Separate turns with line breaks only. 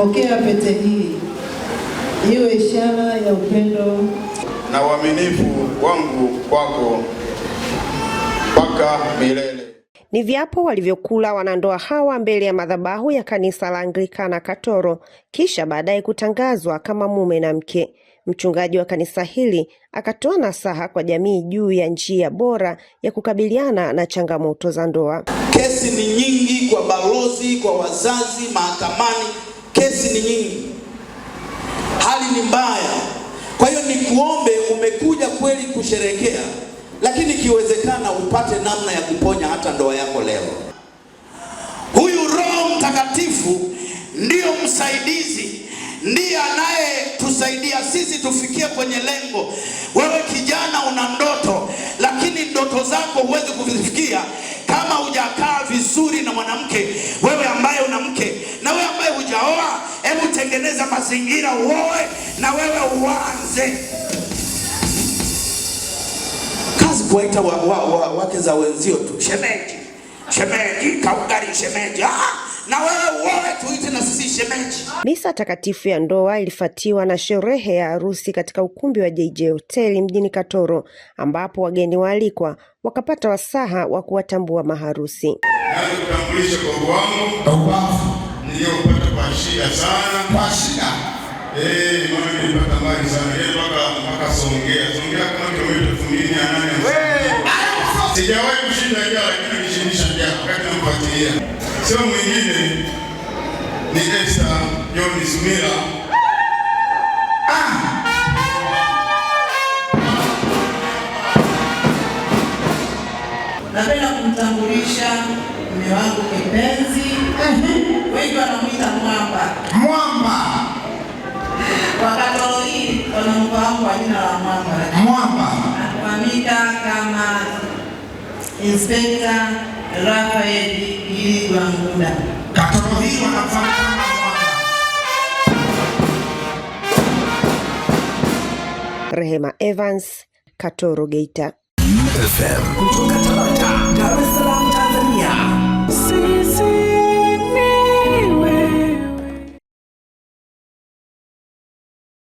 Pokea pete hii iwe ishara ya upendo
na uaminifu wangu kwako mpaka milele.
Ni viapo walivyokula wanandoa hawa mbele ya madhabahu ya kanisa la Anglikana Katoro, kisha baadaye kutangazwa kama mume na mke. Mchungaji wa kanisa hili akatoa nasaha kwa jamii juu ya njia bora ya kukabiliana na changamoto za ndoa.
Kesi ni nyingi kwa balozi, kwa wazazi, mahakamani kesi ni nyingi, hali ni mbaya. Kwa hiyo ni kuombe, umekuja kweli kusherekea, lakini ikiwezekana upate namna ya kuponya hata ndoa yako leo. Huyu Roho Mtakatifu ndiyo msaidizi, ndiye anayetusaidia sisi tufikie kwenye lengo. Wewe kijana, una ndoto lakini ndoto zako huwezi kuzifikia kama hujakaa vizuri na mwanamke wewe kutengeneza mazingira uoe na wewe uanze kazi, kuwaita wa, wa, wa, wake za wenzio tu, shemeji, shemeji, kaugari shemeji ah! Na wewe uoe tuite na sisi shemeji.
Misa takatifu ya ndoa ilifuatiwa na sherehe ya harusi katika ukumbi wa JJ Hoteli mjini Katoro ambapo wageni waalikwa wakapata wasaha wa kuwatambua maharusi.
Nakutambulisha kwa wangu niliyopata shida sana kwa shida eh, nilipata mbali sana yeye mpaka mpaka Songea, Songea kama kilomita sijawahi kushinda lakini wakati nampatia, sio mwingine ni John Sumira ah!
Napenda kumtambulisha mume wangu kipenzi, wengi wanamuita wangu wa jina la Mwamba. Mwamba anafahamika kama Inspekta Rafael Gilwangula.
Katoro hii wanafahamika
Rehema Evans, Katoro Geita FM.